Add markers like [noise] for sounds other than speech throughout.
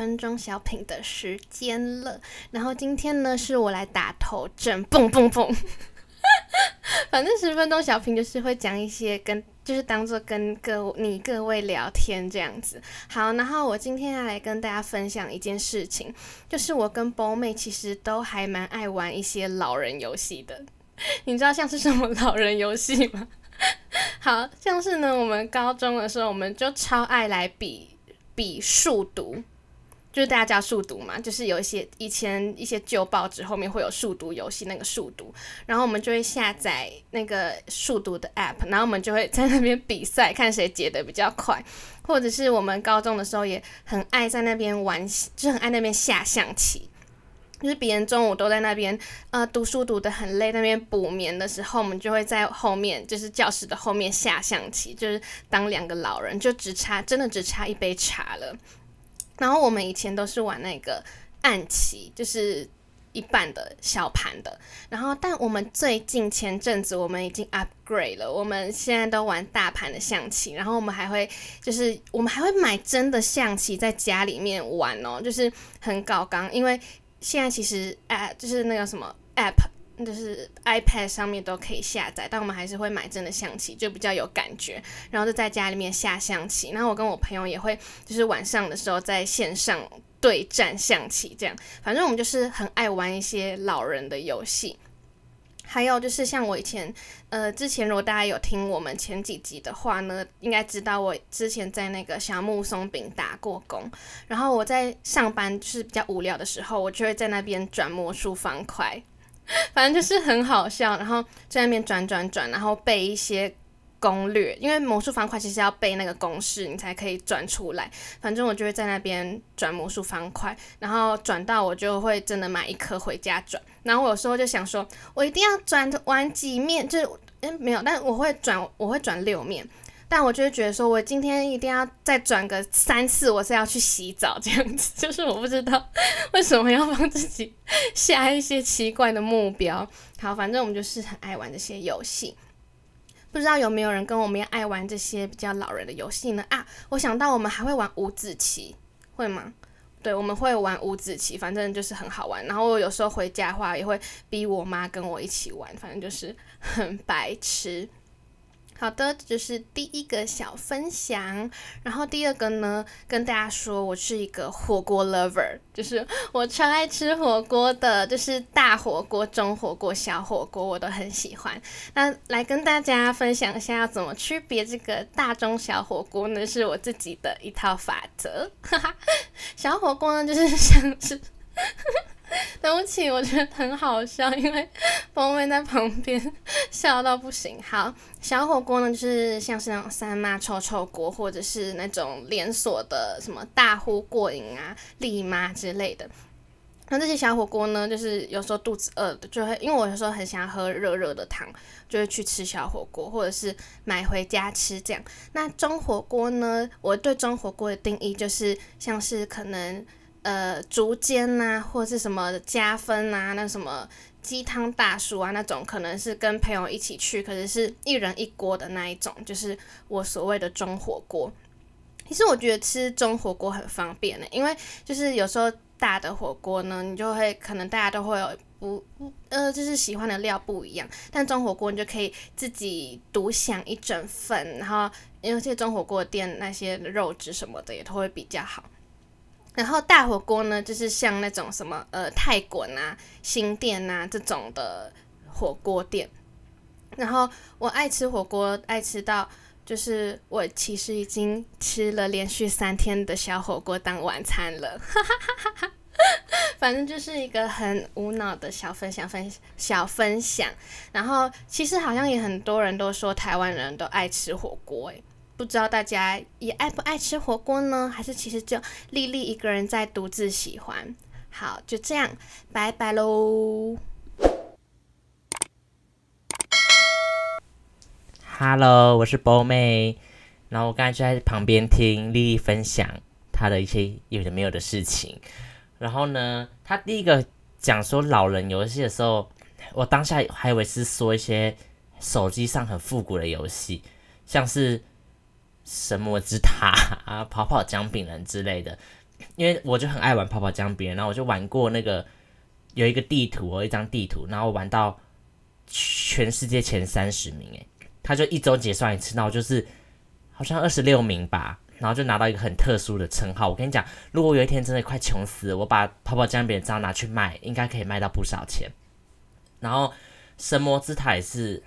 分鐘小品的時間了，然後今天呢是我來打頭陣，蹦蹦蹦。 [laughs] 反正十分鐘小品就是會講一些跟，就是當做跟各你各位聊天這樣子。好，然後我今天要來跟大家分享一件事情，就是我跟 BO 妹其實都還蠻愛玩一些老人遊戲的。 [laughs] 你知道像是什麼老人遊戲嗎？好，像是呢。我們高中的時候，我們就超愛來比比數獨。就是大家叫數獨嘛，就是有一些以前一些舊報紙後面會有數獨遊戲那個數獨，然後我們就會下載那個數獨的 app，然後我們就會在那邊比賽，看誰解得比較快。或者是我們高中的時候也很愛在那邊玩，就很愛那邊下象棋。就是別人中午都在那邊呃讀書讀得很累，那邊補眠的時候，我們就會在後面就是教室的後面下象棋，就是當兩個老人，就只差真的只差一杯茶了。然後我們以前都是玩那個暗棋，就是一半的小盤的。然後，但我們最近前陣子我們已經 upgrade 了，我們現在都玩大盤的象棋。然後我們還會就是我們還會買真的象棋在家裡面玩哦，就是很搞剛。因為現在其實 app 就是那個什麼 app，就是 iPad 上面都可以下載，但我們還是會買真的象棋，就比較有感覺。然後就在家裡面下象棋，然後我跟我朋友也會，就是晚上的時候在線上對戰象棋，這樣。反正我們就是很愛玩一些老人的遊戲。還有就是像我以前，呃，之前如果大家有聽我們前幾集的話呢，應該知道我之前在那個小木鬆餅打過工。然後我在上班就是比較無聊的時候，我就會在那邊轉魔術方塊。反正就是很好笑，然後在那邊轉轉轉，然後背一些攻略。因為魔術方塊其實要背那個公式，你才可以轉出來。反正我就會在那邊轉魔術方塊，然後轉到我就會真的買一顆回家轉。然後我有時候就想說，我一定要轉完幾面，就是哎沒有，但我會轉，我會轉六面。但我就是覺得說，我今天一定要再轉個三次，我是要去洗澡這樣子。就是我不知道為什麼要幫自己下一些奇怪的目標。好，反正我們就是很愛玩這些遊戲。不知道有沒有人跟我們一樣愛玩這些比較老人的遊戲呢？啊，我想到我們還會玩五子棋，會嗎？對，我們會玩五子棋，反正就是很好玩。然後我有時候回家的話，也會逼我媽跟我一起玩，反正就是很白痴。好的，這、就是第一個小分享。然後第二個呢，跟大家說，我是一個火鍋 lover，就是我超愛吃火鍋的，就是大火鍋、中火鍋、小火鍋我都很喜歡。那來跟大家分享一下，要怎麼區別這個大、中、小火鍋呢？是我自己的一套法則。 [laughs] 小火鍋呢，就是想吃 [laughs] [laughs] 對不起，我覺得很好笑，因為 BO 妹在旁邊笑到不行。好，小火鍋呢，就是像是那種三媽臭臭鍋，或者是那種連鎖的什麼大呼過癮啊、麗媽之類的。那這些小火鍋呢，就是有時候肚子餓的就會，因為我有時候很想喝熱熱的湯，就會去吃小火鍋，或者是買回家吃這樣。那中火鍋呢，我對中火鍋的定義就是像是可能。呃，築間吶、啊，或是什麼加分吶、啊，那什麼雞湯大叔啊，那種可能是跟朋友一起去，可是是一人一鍋的那一種，就是我所謂的中火鍋。其實我覺得吃中火鍋很方便的，因為就是有時候大的火鍋呢，你就會可能大家都會有不呃，就是喜歡的料不一樣，但中火鍋你就可以自己獨享一整份，然後因為這些中火鍋店那些肉質什麼的也都會比較好。然後大火鍋呢，就是像那種什麼呃泰國啊、新店啊這種的火鍋店。然後我愛吃火鍋，愛吃到就是我其實已經吃了連續三天的小火鍋當晚餐了，哈哈哈哈哈，反正就是一個很無腦的小分享分，分小分享。然後其實好像也很多人都說台灣人都愛吃火鍋，欸，不知道大家也愛不愛吃火鍋呢？還是其實就粒粒一個人在獨自喜歡？好，就這樣，拜拜嘍。Hello，我是 BO 妹。然後我剛才就在旁邊聽粒粒分享她的一些有的沒有的事情。然後呢，她第一個講說老人遊戲的時候，我當下還以為是說一些手機上很復古的遊戲，像是。神魔之塔啊，跑跑薑餅人之類的，因為我就很愛玩跑跑薑餅，然後我就玩過那個有一個地圖，有一張地圖，然後我玩到全世界前三十名，欸，誒，他就一周結算一次，那我就是好像二十六名吧，然後就拿到一個很特殊的稱號。我跟你講，如果有一天真的快窮死了，我把跑跑薑餅人章拿去賣，應該可以賣到不少錢。然後神魔之塔也是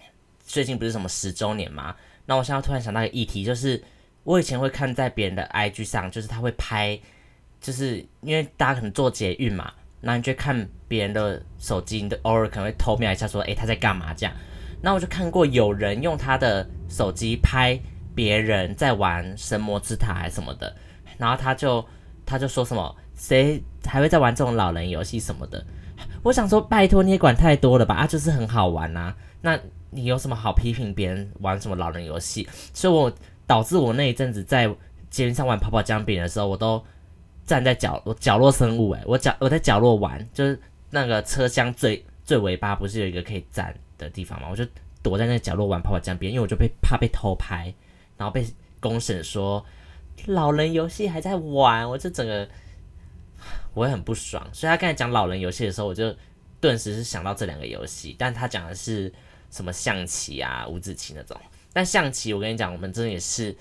最近不是什麼十周年嘛，那我現在突然想到一個議題，就是。我以前會看在別人的 IG 上，就是他會拍，就是因為大家可能坐捷運嘛，那你就看別人的手機，你都偶爾可能會偷瞄一下說，說、欸、誒，他在幹嘛這樣。那我就看過有人用他的手機拍別人在玩神魔之塔還什麼的，然後他就他就說什麼誰還會在玩這種老人遊戲什麼的。我想說拜託你也管太多了吧啊就是很好玩啊，那你有什麼好批評別人玩什麼老人遊戲？所以我。導致我那一陣子在街上玩跑跑薑餅的時候，我都站在角，我角落生物，欸，誒，我角，我在角落玩，就是那個車廂最最尾巴不是有一個可以站的地方嗎？我就躲在那個角落玩跑跑薑餅，因為我就被怕被偷拍，然後被公審說老人遊戲還在玩，我就整個我也很不爽。所以他剛才講老人遊戲的時候，我就頓時是想到這兩個遊戲，但他講的是什麼象棋啊，五子棋那種。但象棋，我跟你講，我們真的也是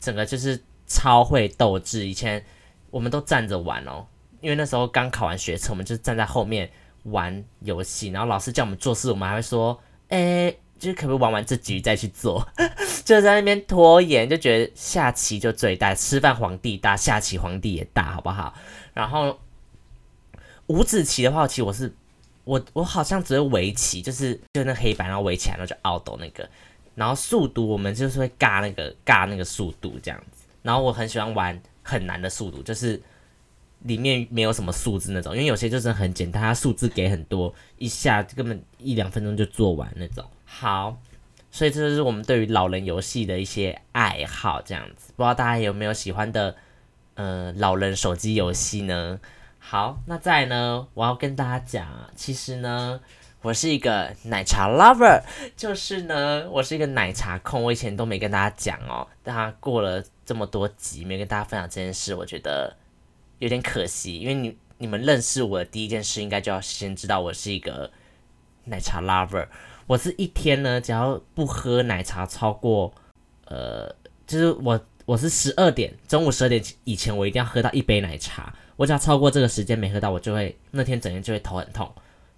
整個就是超會鬥智。以前我們都站着玩哦，因為那時候剛考完學測，我們就站在後面玩遊戲。然後老師叫我們做事，我們還會說：“哎、欸，就是可不可以玩完這局再去做？” [laughs] 就在那邊拖延，就覺得下棋就最大，吃飯皇帝大，下棋皇帝也大，好不好？然後五子棋的話，我其實我是我我好像只會圍棋，就是就那黑白然後圍起來，然後就凹斗那個。然後數獨我們就是會尬那個尬那個數獨這樣子，然後我很喜歡玩很難的數獨，就是裡面沒有什麼數字那種，因為有些就是很簡單，它數字給很多，一下就根本一兩分鐘就做完那種。好，所以這就是我們對於老人遊戲的一些愛好這樣子，不知道大家有沒有喜歡的呃老人手機遊戲呢？好，那再呢，我要跟大家講，其實呢。我是一個奶茶 lover，就是呢，我是一個奶茶控。我以前都沒跟大家講哦，大家過了這麼多集，沒跟大家分享這件事，我覺得有點可惜。因為你你們認識我的第一件事，應該就要先知道我是一個奶茶 lover。我是一天呢，只要不喝奶茶超過呃，就是我我是十二點中午十二點以前，我一定要喝到一杯奶茶。我只要超過這個時間沒喝到，我就會那天整天就會頭很痛。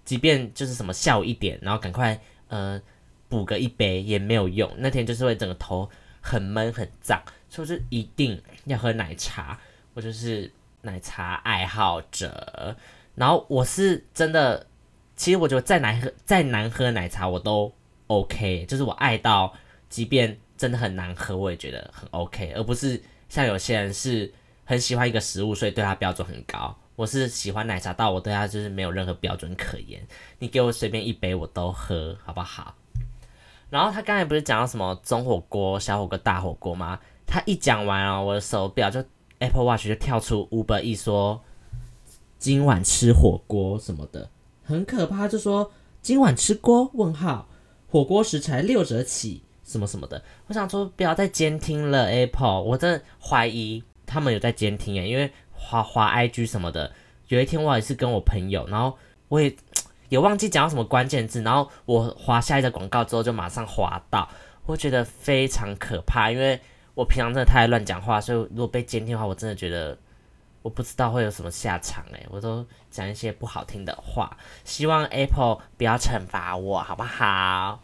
即便就是什麼下午一點，然後趕快呃補個一杯也沒有用，那天就是會整個頭很悶很脹，所以我就一定要喝奶茶，我就是奶茶愛好者。然後我是真的，其實我覺得再難喝再難喝的奶茶我都 OK，就是我愛到，即便真的很難喝，我也覺得很 OK，而不是像有些人是很喜歡一個食物，所以對它標準很高。我是喜歡奶茶，但我對它就是沒有任何標準可言。你給我隨便一杯我都喝，好不好？然後他剛才不是講到什麼中火鍋、小火鍋、大火鍋嗎？他一講完哦，我的手錶就 Apple Watch 就跳出 Uber，一說今晚吃火鍋什麼的，很可怕。就說今晚吃鍋？問號，火鍋食材六折起，什麼什麼的。我想說，不要再監聽了 Apple，我真的懷疑他們有在監聽耶，因為。滑滑 IG 什麼的，有一天我也是跟我朋友，然後我也也忘記講什麼關鍵字，然後我滑下一個廣告，之後就馬上滑到，我覺得非常可怕，因為我平常真的太亂講話，所以如果被監聽的話，我真的覺得我不知道會有什麼下場哎、欸，我都講一些不好聽的話，希望 Apple 不要懲罰我好不好？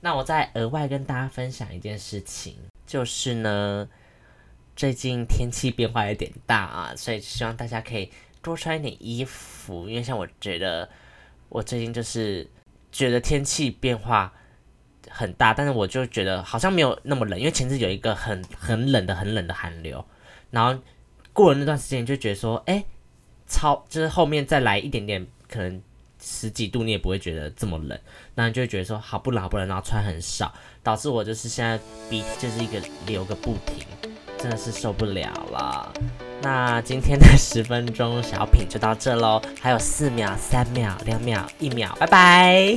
那我再額外跟大家分享一件事情，就是呢。最近天氣變化有點大啊，所以希望大家可以多穿一點衣服。因為像我覺得，我最近就是覺得天氣變化很大，但是我就覺得好像沒有那麼冷。因為前置有一個很很冷的，很冷的寒流，然後過了那段時間，就覺得說，哎、欸，超就是後面再來一點點，可能十幾度你也不會覺得這麼冷。那你就覺得說，好不冷好不冷，然後穿很少，導致我就是現在鼻就是一個流個不停。真的是受不了了，那今天的十分鐘小品就到這嘍，還有四秒、三秒、兩秒、一秒，拜拜。